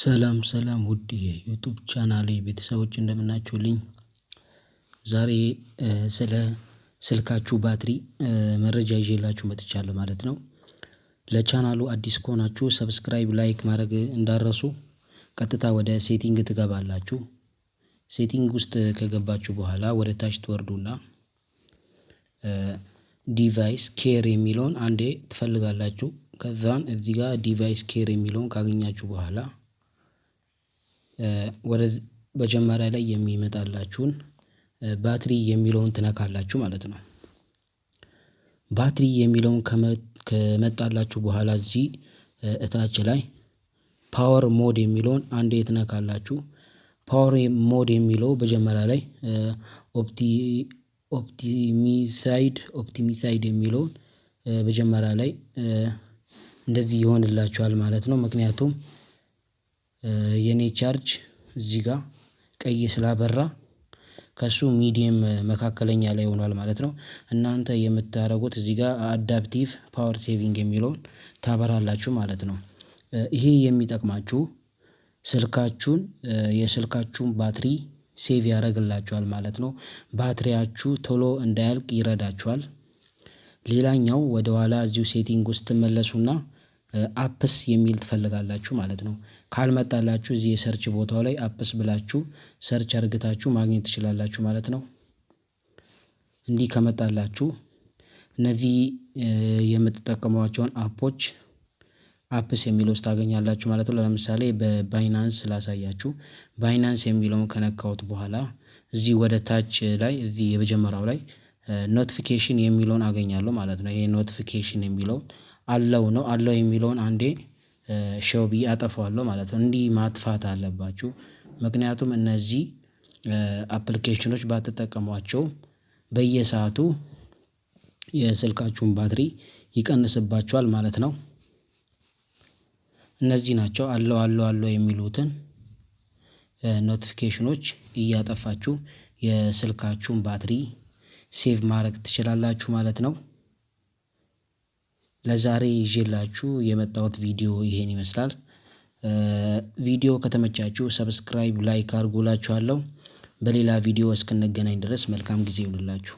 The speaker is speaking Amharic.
ሰላም ሰላም ውድ የዩቱብ ቻናል ቤተሰቦች እንደምናችሁልኝ። ዛሬ ስለ ስልካችሁ ባትሪ መረጃ ይዤላችሁ መጥቻለሁ ማለት ነው። ለቻናሉ አዲስ ከሆናችሁ ሰብስክራይብ፣ ላይክ ማድረግ እንዳረሱ። ቀጥታ ወደ ሴቲንግ ትገባላችሁ። ሴቲንግ ውስጥ ከገባችሁ በኋላ ወደ ታች ትወርዱና ዲቫይስ ኬር የሚለውን አንዴ ትፈልጋላችሁ። ከዛን እዚህ ጋር ዲቫይስ ኬር የሚለውን ካገኛችሁ በኋላ ወደ መጀመሪያ ላይ የሚመጣላችሁን ባትሪ የሚለውን ትነካላችሁ ማለት ነው። ባትሪ የሚለውን ከመጣላችሁ በኋላ እዚህ እታች ላይ ፓወር ሞድ የሚለውን አንድ የትነካላችሁ። ፓወር ሞድ የሚለው መጀመሪያ ላይ ኦፕቲሚሳይድ ኦፕቲሚሳይድ የሚለውን መጀመሪያ ላይ እንደዚህ ይሆንላችኋል ማለት ነው። ምክንያቱም የኔ ቻርጅ እዚህ ጋር ቀይ ስላበራ ከሱ ሚዲየም መካከለኛ ላይ ሆኗል ማለት ነው። እናንተ የምታደርጉት እዚህ ጋር አዳፕቲቭ ፓወር ሴቪንግ የሚለውን ታበራላችሁ ማለት ነው። ይሄ የሚጠቅማችሁ ስልካችሁን የስልካችሁን ባትሪ ሴቭ ያደርግላችኋል ማለት ነው። ባትሪያችሁ ቶሎ እንዳያልቅ ይረዳችኋል። ሌላኛው ወደኋላ እዚሁ ሴቲንግ ውስጥ ትመለሱና አፕስ የሚል ትፈልጋላችሁ ማለት ነው። ካልመጣላችሁ እዚህ የሰርች ቦታው ላይ አፕስ ብላችሁ ሰርች አርግታችሁ ማግኘት ትችላላችሁ ማለት ነው። እንዲህ ከመጣላችሁ እነዚህ የምትጠቀሟቸውን አፖች አፕስ የሚለው ውስጥ ታገኛላችሁ ማለት ነው። ለምሳሌ በባይናንስ ላሳያችሁ ባይናንስ የሚለውን ከነካሁት በኋላ እዚህ ወደ ታች ላይ እዚህ የመጀመሪያው ላይ ኖቲፊኬሽን የሚለውን አገኛለሁ ማለት ነው። ይሄ ኖቲፊኬሽን የሚለውን አለው ነው አለው የሚለውን አንዴ ሸው ብዬ አጠፋዋለሁ ማለት ነው። እንዲህ ማጥፋት አለባችሁ ምክንያቱም እነዚህ አፕሊኬሽኖች ባትጠቀሟቸው በየሰዓቱ የስልካችሁን ባትሪ ይቀንስባችኋል ማለት ነው። እነዚህ ናቸው አለው አለው አለው የሚሉትን ኖቲፊኬሽኖች እያጠፋችሁ የስልካችሁን ባትሪ ሴቭ ማድረግ ትችላላችሁ ማለት ነው ለዛሬ ይዤላችሁ የመጣሁት ቪዲዮ ይሄን ይመስላል። ቪዲዮ ከተመቻችሁ ሰብስክራይብ ላይክ አድርጉ በሌላ ቪዲዮ እስክንገናኝ ድረስ መልካም ጊዜ ይሁንላችሁ።